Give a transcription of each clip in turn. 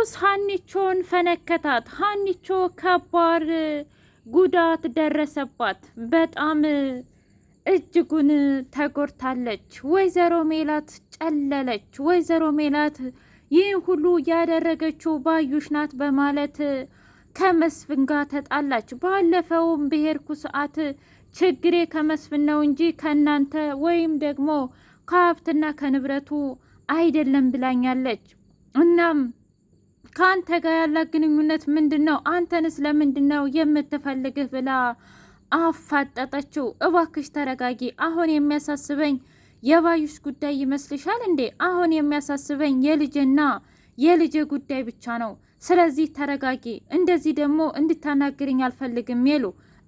ቅዱስ ሀኒቾን ፈነከታት። ሀኒቾ ከባድ ጉዳት ደረሰባት። በጣም እጅጉን ተጎድታለች። ወይዘሮ ሜላት ጨለለች። ወይዘሮ ሜላት ይህን ሁሉ ያደረገችው ባዩሽ ናት በማለት ከመስፍን ጋር ተጣላች። ባለፈውም ብሄርኩ ሰዓት ችግሬ ከመስፍን ነው እንጂ ከእናንተ ወይም ደግሞ ከሀብትና ከንብረቱ አይደለም ብላኛለች። እናም ከአንተ ጋር ያላት ግንኙነት ምንድን ነው? አንተንስ ለምንድን ነው የምትፈልግህ? ብላ አፋጠጠችው። እባክሽ ተረጋጊ። አሁን የሚያሳስበኝ የባዩሽ ጉዳይ ይመስልሻል እንዴ? አሁን የሚያሳስበኝ የልጄና የልጄ ጉዳይ ብቻ ነው። ስለዚህ ተረጋጊ። እንደዚህ ደግሞ እንድታናግርኝ አልፈልግም። የሉ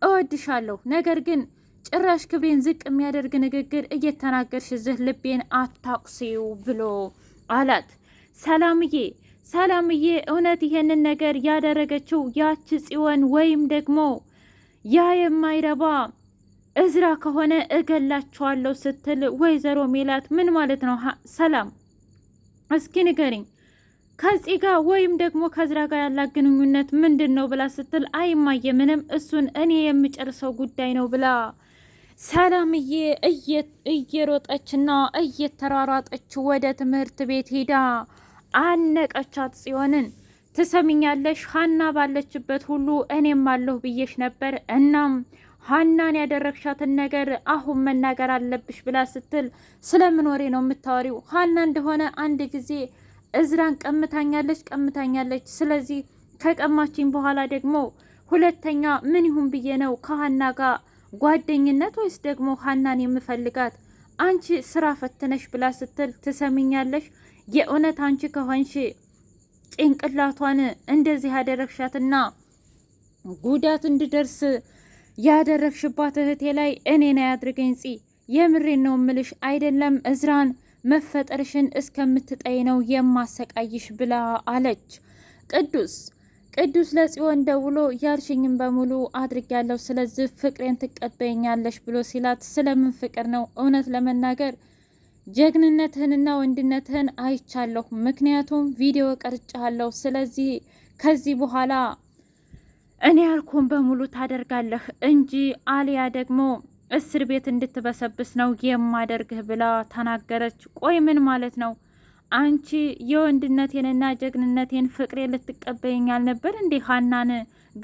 እወድሻለሁ፣ ነገር ግን ጭራሽ ክብሬን ዝቅ የሚያደርግ ንግግር እየተናገርሽ ዝህ ልቤን አታቁሲው ብሎ አላት። ሰላምዬ ሰላምዬ እውነት ይሄንን ነገር ያደረገችው ያች ጽዮን ወይም ደግሞ ያ የማይረባ እዝራ ከሆነ እገላችኋለሁ ስትል ወይዘሮ ሜላት ምን ማለት ነው? ሰላም እስኪ ንገሪኝ ከዚህ ጋር ወይም ደግሞ ከዝራ ጋር ያላ ግንኙነት ምንድን ነው ብላ ስትል አይማየ ምንም እሱን እኔ የምጨርሰው ጉዳይ ነው ብላ ሰላምዬ እየሮጠችና እየተሯሯጠች ወደ ትምህርት ቤት ሄዳ አነቀቻት ጽዮንን። ትሰሚኛለሽ ሀና ባለችበት ሁሉ እኔም አለሁ ብዬሽ ነበር። እናም ሀናን ያደረግሻትን ነገር አሁን መናገር አለብሽ ብላ ስትል ስለምኖሬ ነው የምታወሪው? ሀና እንደሆነ አንድ ጊዜ እዝራን ቀምታኛለች ቀምታኛለች። ስለዚህ ከቀማችኝ በኋላ ደግሞ ሁለተኛ ምን ይሁን ብዬ ነው ከሀና ጋር ጓደኝነት ወይስ ደግሞ ሀናን የምፈልጋት? አንቺ ስራ ፈትነሽ ብላ ስትል ትሰሚኛለሽ የእውነት አንቺ ከሆንሽ ጭንቅላቷን እንደዚህ ያደረግሻትና ጉዳት እንድደርስ ያደረግሽባት እህቴ ላይ እኔን አያድርገኝ ፂ የምሬን ነው ምልሽ አይደለም እዝራን መፈጠርሽን እስከምትጠይ ነው የማሰቃይሽ ብላ አለች። ቅዱስ ቅዱስ ለጽዮን ደውሎ ያልሽኝም በሙሉ አድርጊያለሁ፣ ስለዚህ ፍቅሬን ትቀበይኛለሽ ብሎ ሲላት ስለምን ፍቅር ነው እውነት ለመናገር ጀግንነትህንና ወንድነትህን አይቻለሁ። ምክንያቱም ቪዲዮ ቀርጫለሁ። ስለዚህ ከዚህ በኋላ እኔ ያልኩን በሙሉ ታደርጋለህ እንጂ አሊያ ደግሞ እስር ቤት እንድትበሰብስ ነው የማደርግህ ብላ ተናገረች። ቆይ ምን ማለት ነው? አንቺ የወንድነቴንና ጀግንነቴን ፍቅሬ ልትቀበይኝ አልነበር እንዴ? ሀናን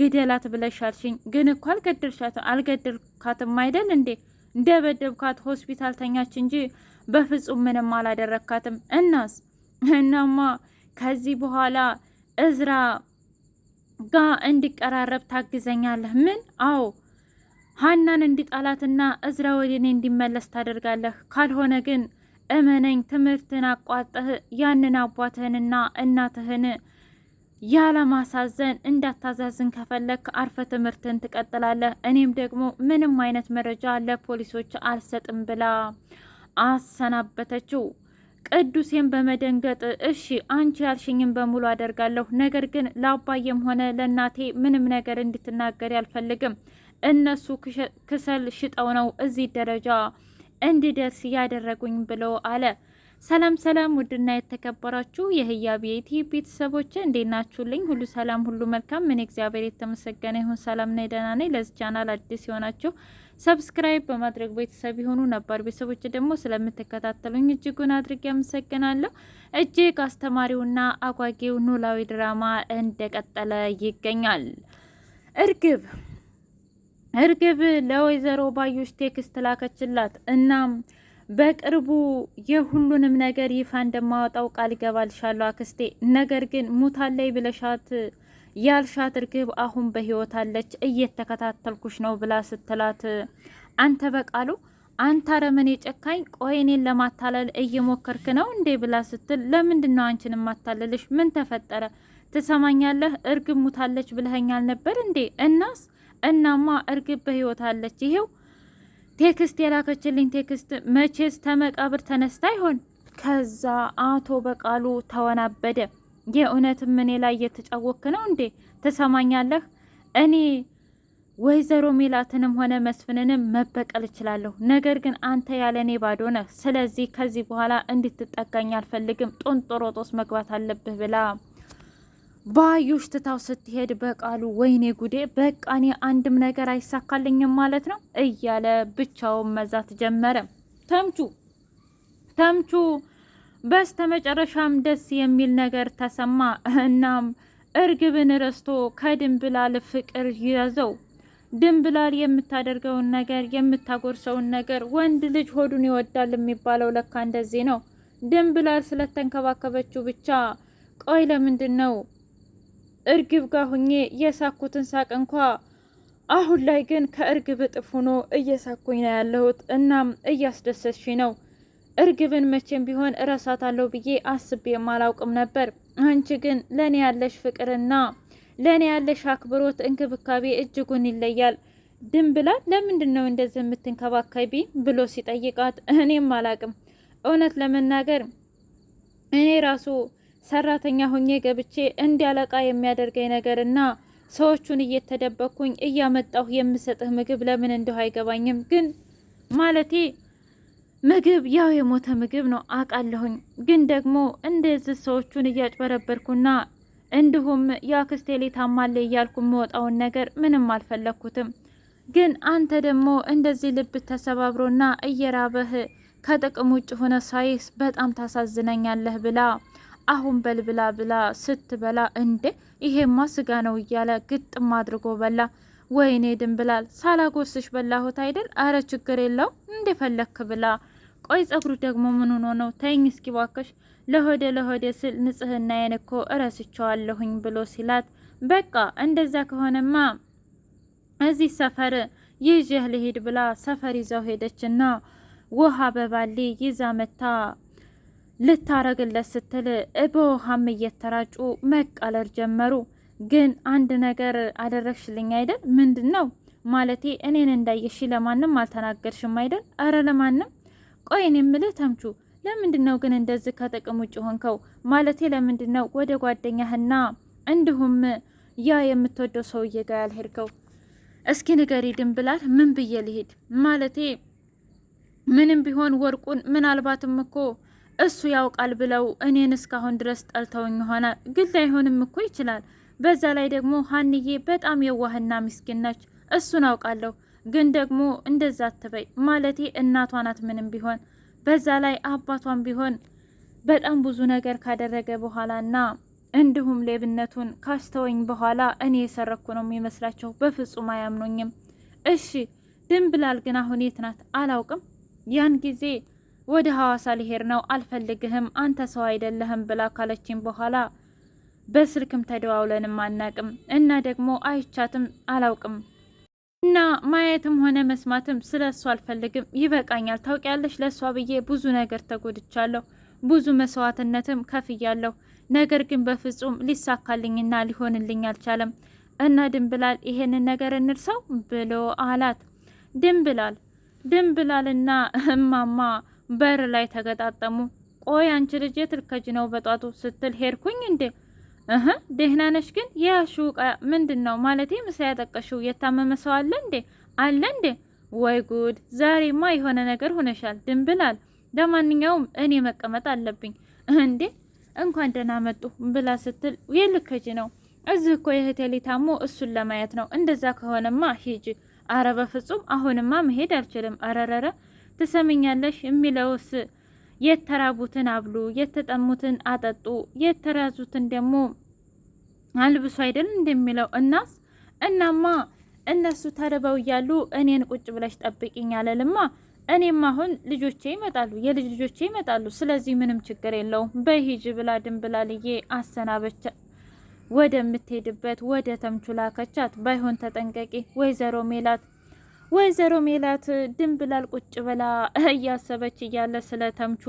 ግደላት ብለሻልሽኝ። ግን እኮ አልገደልሻት አልገደልካትም አይደል እንዴ? እንደበደብካት ሆስፒታል ተኛች እንጂ በፍጹም ምንም አላደረካትም። እናስ እናማ ከዚህ በኋላ እዝራ ጋ እንዲቀራረብ ታግዘኛለህ። ምን? አዎ ሀናን እንዲጣላትና እዝራ ወደ እኔ እንዲመለስ ታደርጋለህ። ካልሆነ ግን እመነኝ፣ ትምህርትን አቋርጠህ ያንን አባትህንና እናትህን ያለማሳዘን እንዳታዛዝን ከፈለክ አርፈ ትምህርትን ትቀጥላለህ። እኔም ደግሞ ምንም አይነት መረጃ ለፖሊሶች አልሰጥም ብላ አሰናበተችው። ቅዱሴም በመደንገጥ እሺ አንቺ ያልሽኝም በሙሉ አደርጋለሁ፣ ነገር ግን ለአባዬም ሆነ ለእናቴ ምንም ነገር እንድትናገሪ አልፈልግም። እነሱ ክሰል ሽጠው ነው እዚህ ደረጃ እንዲደርስ ያደረጉኝ ብሎ አለ። ሰላም ሰላም፣ ውድና የተከበራችሁ የህያብ ቤተሰቦች እንዴት ናችሁልኝ? ሁሉ ሰላም፣ ሁሉ መልካም። ምን እግዚአብሔር የተመሰገነ ይሁን። ሰላም ነኝ፣ ደህና ነኝ። ለዚህ ቻናል አዲስ የሆናችሁ ሰብስክራይብ በማድረግ ቤተሰብ የሆኑ ነባር ቤተሰቦች ደግሞ ስለምትከታተሉኝ እጅጉን አድርጌ ያመሰግናለሁ። እጅግ አስተማሪውና አጓጊው ኖላዊ ድራማ እንደቀጠለ ይገኛል። እርግብ እርግብ ለወይዘሮ ባዩሽ ቴክስት ላከችላት። እናም በቅርቡ የሁሉንም ነገር ይፋ እንደማወጣው ቃል ገባልሻለሁ አክስቴ፣ ነገር ግን ሙታለይ ብለሻት ያልሻት እርግብ አሁን በህይወት አለች እየተከታተልኩሽ ነው ብላ ስትላት አንተ በቃሉ አንተ አረመኔ ጨካኝ፣ ቆይ እኔን ለማታለል እየሞከርክ ነው እንዴ ብላ ስትል ለምንድን ነው አንቺን የማታለልሽ? ምን ተፈጠረ? ትሰማኛለህ? እርግብ ሙታለች ብለኸኛል ነበር እንዴ? እናስ? እናማ እርግብ በህይወት አለች። ይሄው ቴክስት የላከችልኝ ቴክስት። መቼስ ተመቃብር ተነስታ ይሆን? ከዛ አቶ በቃሉ ተወናበደ። የእውነትም እኔ ላይ እየተጫወክ ነው እንዴ? ትሰማኛለህ? እኔ ወይዘሮ ሜላትንም ሆነ መስፍንንም መበቀል እችላለሁ። ነገር ግን አንተ ያለ እኔ ባዶ ነህ። ስለዚህ ከዚህ በኋላ እንድትጠጋኝ አልፈልግም። ጦንጦሮጦስ መግባት አለብህ ብላ ባዩሽ ትታው ስትሄድ በቃሉ ወይኔ ጉዴ፣ በቃ እኔ አንድም ነገር አይሳካልኝም ማለት ነው እያለ ብቻውን መዛት ጀመረ። ተምቹ ተምቹ በስተመጨረሻም ደስ የሚል ነገር ተሰማ። እናም እርግብን ረስቶ ከድንብላል ፍቅር ያዘው ድንብላል የምታደርገውን ነገር የምታጎርሰውን ነገር ወንድ ልጅ ሆዱን ይወዳል የሚባለው ለካ እንደዚህ ነው። ድንብላል ስለተንከባከበችው ብቻ ቆይ ለምንድን ነው እርግብ ጋር ሁኜ የሳኩትን ሳቅ እንኳ አሁን ላይ ግን ከእርግብ እጥፍ ሆኖ እየሳኩኝ ነው ያለሁት። እናም እያስደሰትሽ ነው እርግብን መቼም ቢሆን እረሳታለሁ ብዬ አስቤ የማላውቅም ነበር። አንቺ ግን ለእኔ ያለሽ ፍቅርና ለእኔ ያለሽ አክብሮት፣ እንክብካቤ እጅጉን ይለያል። ድንብላል ለምንድን ነው እንደዚህ የምትንከባከቢ ብሎ ሲጠይቃት እኔም አላቅም እውነት ለመናገር እኔ ራሱ ሰራተኛ ሆኜ ገብቼ እንዲ አለቃ የሚያደርገኝ ነገር እና ሰዎቹን እየተደበኩኝ እያመጣሁ የምሰጥህ ምግብ ለምን እንደሁ አይገባኝም። ግን ማለቴ ምግብ ያው የሞተ ምግብ ነው አውቃለሁኝ። ግን ደግሞ እንደዚህ ሰዎቹን እያጭበረበርኩና እንዲሁም የአክስቴ ልጅ ታማለ እያልኩ የምወጣውን ነገር ምንም አልፈለግኩትም። ግን አንተ ደግሞ እንደዚህ ልብ ተሰባብሮና እየራበህ ከጥቅም ውጭ ሆነ ሳይስ በጣም ታሳዝነኛለህ ብላ አሁን በልብላ ብላ ስትበላ እንዴ ይሄማ ስጋ ነው እያለ ግጥም አድርጎ በላ። ወይኔ ብላል። ሳላጎስሽ በላሁት አይደል? አረ ችግር የለው እንደፈለክ ብላ። ቆይ ጸጉሩ ደግሞ ምን ሆኖ ነው? ተይኝ እስኪ ባከሽ። ለሆዴ ለሆዴ ስል ንጽህና እኮ እረስቸዋለሁኝ ብሎ ሲላት፣ በቃ እንደዛ ከሆነማ እዚህ ሰፈር ይዤህ ልሂድ ብላ ሰፈር ይዘው ሄደችና ውሃ በባሊ ይዛ መታ ልታረግለት ስትል በውሃም እየተራጩ መቃለር ጀመሩ። ግን አንድ ነገር አደረግሽልኝ አይደል? ምንድን ነው ማለቴ እኔን እንዳየሽ ለማንም አልተናገርሽም አይደል? አረ ለማንም። ቆይ እኔ የምልህ ተምቹ ለምንድን ነው ግን እንደዚህ ከጥቅም ውጭ ሆንከው? ማለቴ ለምንድን ነው ወደ ጓደኛህና እንዲሁም ያ የምትወደው ሰውዬ ጋር ያልሄድከው? እስኪ ንገሪ ድንብላል። ምን ብዬ ልሄድ? ማለቴ ምንም ቢሆን ወርቁን ምናልባትም እኮ እሱ ያውቃል ብለው እኔን እስካሁን ድረስ ጠልተውኝ ይሆናል። ግን ላይሆንም እኮ ይችላል። በዛ ላይ ደግሞ ሀንዬ በጣም የዋህና ምስኪን ነች። እሱን አውቃለሁ። ግን ደግሞ እንደዛ አትበይ ማለቴ እናቷ ናት ምንም ቢሆን በዛ ላይ አባቷም ቢሆን በጣም ብዙ ነገር ካደረገ በኋላና እንዲሁም ሌብነቱን ካስተወኝ በኋላ እኔ የሰረኩ ነው የሚመስላቸው። በፍጹም አያምኑኝም። እሺ ድንብላል ግን አሁን የት ናት? አላውቅም። ያን ጊዜ ወደ ሐዋሳ ልሄድ ነው አልፈልግህም፣ አንተ ሰው አይደለህም ብላ ካለችኝ በኋላ በስልክም ተደዋውለንም አናቅም እና ደግሞ አይቻትም አላውቅም እና ማየትም ሆነ መስማትም ስለ አልፈልግም፣ ይበቃኛል። ታውቂያለሽ፣ ለእሷ ብዬ ብዙ ነገር ተጎድቻለሁ፣ ብዙ መስዋዕትነትም ከፍያለሁ። ነገር ግን በፍጹም ሊሳካልኝና ሊሆንልኝ አልቻለም። እና ድንብላል ይሄንን ነገር እንርሰው ብሎ አላት። ድንብላል ድንብላልና እማማ በር ላይ ተገጣጠሙ። ቆይ አንቺ ልጅ የት ልከጅ ነው በጧቱ ስትል ሄድኩኝ እንዴ እህ ደህና ነሽ ግን የያዝሽው ምንድነው ምንድን ነው ማለቴ ምሳ ያጠቀሽው የታመመ ሰው አለ እንዴ አለ እንዴ ወይ ጉድ ዛሬማ የሆነ ነገር ሆነሻል ድንብላል ለማንኛውም እኔ መቀመጥ አለብኝ እንዴ እንኳን ደህና መጡ ብላ ስትል የልከጅ ነው እዚህ እኮ የህቴሌ ታሞ እሱን ለማየት ነው እንደዛ ከሆነማ ሂጅ አረ በፍጹም አሁንማ መሄድ አልችልም አረረረ ትሰምኛለሽ የሚለውስ የተራቡትን አብሉ፣ የተጠሙትን አጠጡ፣ የተራዙትን ደግሞ አልብሶ አይደል እንደሚለው እናስ እናማ እነሱ ተርበው እያሉ እኔን ቁጭ ብለሽ ጠብቂኝ አለልማ። እኔም አሁን ልጆቼ ይመጣሉ፣ የልጅ ልጆቼ ይመጣሉ። ስለዚህ ምንም ችግር የለውም በሂጅ ብላ ድንብላልዬ አሰናበቻ ወደምትሄድበት ወደ ተምቹ ላከቻት። ባይሆን ተጠንቀቂ ወይዘሮ ሜላት ወይዘሮ ሜላት ድንብላል ቁጭ ብላ እያሰበች እያለ ስለ ተምቹ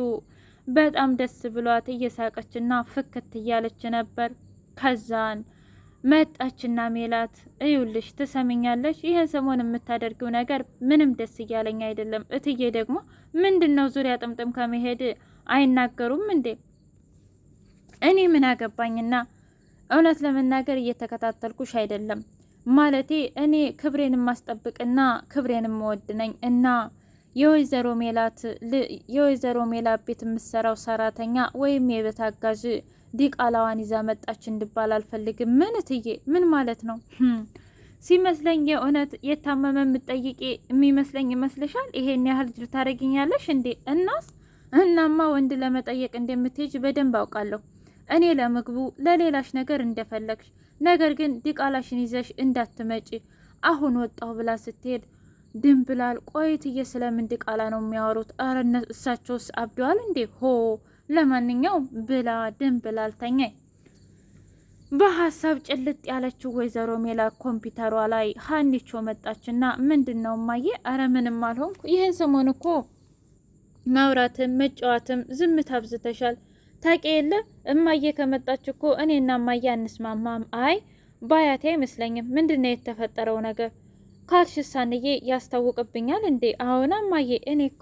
በጣም ደስ ብሏት እየሳቀችና ፍክት እያለች ነበር። ከዛን መጣችና ሜላት እዩልሽ፣ ትሰሚኛለሽ? ይህን ሰሞን የምታደርጊው ነገር ምንም ደስ እያለኝ አይደለም። እትዬ ደግሞ ምንድን ነው ዙሪያ ጥምጥም ከመሄድ አይናገሩም እንዴ? እኔ ምን አገባኝና፣ እውነት ለመናገር እየተከታተልኩሽ አይደለም። ማለቴ እኔ ክብሬን ማስጠብቅና ክብሬን የምወድ ነኝ እና የወይዘሮ ሜላት የወይዘሮ ሜላት ቤት የምትሰራው ሰራተኛ ወይም የቤት አጋዥ ዲቃላዋን ይዛ መጣች እንድባል አልፈልግም። ምን ትዬ ምን ማለት ነው? Hm። ሲመስለኝ የእውነት የታመመ የምጠይቂ የሚመስለኝ ይመስልሻል? ይሄን ያህል ድር ታደርጊኛለሽ እንዴ? እናስ እናማ ወንድ ለመጠየቅ እንደምትሄጅ በደንብ አውቃለሁ። እኔ ለምግቡ ለሌላሽ ነገር እንደፈለግሽ፣ ነገር ግን ዲቃላሽን ይዘሽ እንዳትመጪ አሁን ወጣሁ ብላ ስትሄድ ድም ብላል ቆይትዬ ስለምን ድቃላ ነው የሚያወሩት? አረ እሳቸውስ አብደዋል እንዴ? ሆ ለማንኛው ብላ ድን ብላ አልተኛኝ። በሀሳብ ጭልጥ ያለችው ወይዘሮ ሜላ ኮምፒውተሯ ላይ ሀኒቾ መጣችና ምንድን ነው እማዬ? አረ ምንም አልሆንኩ። ይህን ሰሞን እኮ ማውራትም መጫወትም ዝምታ አብዝተሻል። ታቄ የለ እማዬ ከመጣች እኮ እኔና እማዬ አንስማማም። አይ ባያቴ አይመስለኝም። ምንድን ነው የተፈጠረው ነገር ካልሽ ሳንዬ ያስታውቅብኛል እንዴ? አሁን እማዬ እኔ እኮ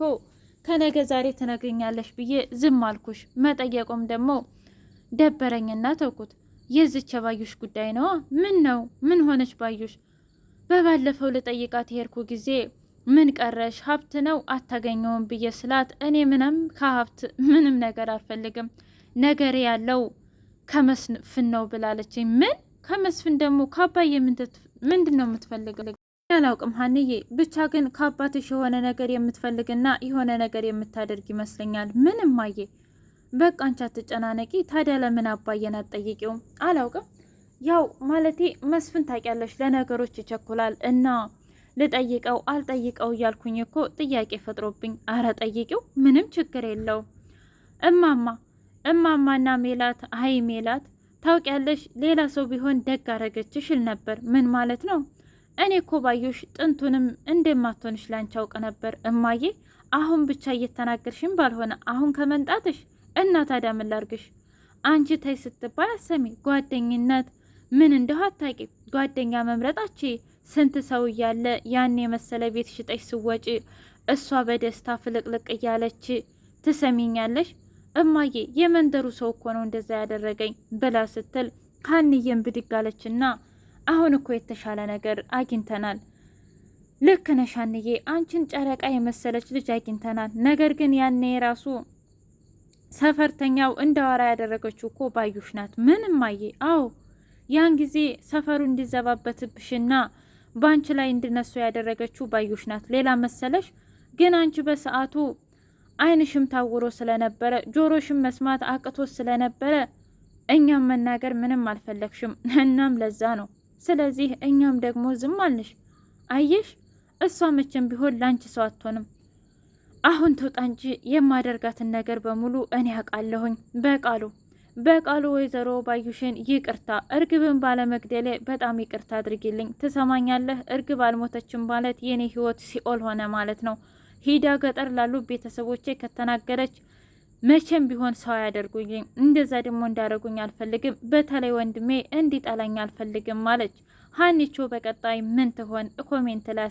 ከነገ ዛሬ ትነግሪኛለሽ ብዬ ዝም አልኩሽ። መጠየቁም ደግሞ ደበረኝና ተውኩት። የዝች የባዩሽ ጉዳይ ነዋ። ምን ነው? ምን ሆነች ባዩሽ? በባለፈው ልጠይቃት የሄድኩ ጊዜ ምን ቀረሽ ሀብት ነው አታገኘውም ብዬ ስላት፣ እኔ ምንም ከሀብት ምንም ነገር አልፈልግም ነገር ያለው ከመስፍን ነው ብላለችኝ። ምን ከመስፍን ደግሞ? ከአባዬ ምንድን ነው የምትፈልገው? ያላውቅም ሀንዬ፣ ብቻ ግን ከአባትሽ የሆነ ነገር የምትፈልግና የሆነ ነገር የምታደርግ ይመስለኛል። ምንም አየ፣ በቃ አንቺ አትጨናነቂ። ታዲያ ለምን አባዬን አትጠይቂውም? አላውቅም፣ ያው ማለቴ መስፍን ታውቂያለሽ፣ ለነገሮች ይቸኩላል እና ልጠይቀው አልጠይቀው እያልኩኝ እኮ ጥያቄ ፈጥሮብኝ። አረ ጠይቂው፣ ምንም ችግር የለውም። እማማ እማማና ሜላት አይ ሜላት፣ ታውቂያለሽ፣ ሌላ ሰው ቢሆን ደግ አረገችሽ እል ነበር። ምን ማለት ነው? እኔ እኮ ባዩሽ ጥንቱንም እንደማትሆንሽ ላንቺ አውቅ ነበር እማዬ። አሁን ብቻ እየተናገርሽም ባልሆነ አሁን ከመንጣትሽ እና ታዲያ ምን ላርግሽ? አንቺ ተይ ስትባል አሰሚ ጓደኝነት ምን እንደሁ አታቂ ጓደኛ መምረጣች ስንት ሰው እያለ ያን የመሰለ ቤት ሽጠሽ ስወጪ እሷ በደስታ ፍልቅልቅ እያለች ትሰሚኛለሽ እማዬ፣ የመንደሩ ሰው እኮ ነው እንደዛ ያደረገኝ ብላ ስትል ሀንዬን ብድግ አለችና አሁን እኮ የተሻለ ነገር አግኝተናል። ልክ ነሽ ሀንዬ፣ አንቺን ጨረቃ የመሰለች ልጅ አግኝተናል። ነገር ግን ያኔ የራሱ ሰፈርተኛው እንዳወራ ያደረገችው እኮ ባዩሽ ናት። ምንም አየ። አዎ ያን ጊዜ ሰፈሩ እንዲዘባበትብሽና በአንቺ ላይ እንዲነሱ ያደረገችው ባዩሽ ናት። ሌላ መሰለሽ? ግን አንቺ በሰዓቱ አይንሽም ታውሮ ስለነበረ ጆሮሽም መስማት አቅቶ ስለነበረ እኛም መናገር ምንም አልፈለግሽም። እናም ለዛ ነው ስለዚህ እኛም ደግሞ ዝም አልንሽ። አየሽ፣ እሷ መቼም ቢሆን ላንቺ ሰው አትሆንም። አሁን ትውጣ እንጂ የማደርጋትን ነገር በሙሉ እኔ አውቃለሁኝ። በቃሉ በቃሉ ወይዘሮ ባዩሽን ይቅርታ፣ እርግብን ባለመግደሌ በጣም ይቅርታ አድርጊልኝ። ትሰማኛለህ? እርግብ አልሞተችም ማለት የኔ ህይወት ሲኦል ሆነ ማለት ነው። ሂዳ ገጠር ላሉ ቤተሰቦቼ ከተናገረች መቼም ቢሆን ሰው ያደርጉኝ፣ እንደዛ ደግሞ እንዳደረጉኝ አልፈልግም። በተለይ ወንድሜ እንዲጠላኝ አልፈልግም አለች። ሀኒቾ በቀጣይ ምን ትሆን ኮሜንት ላይ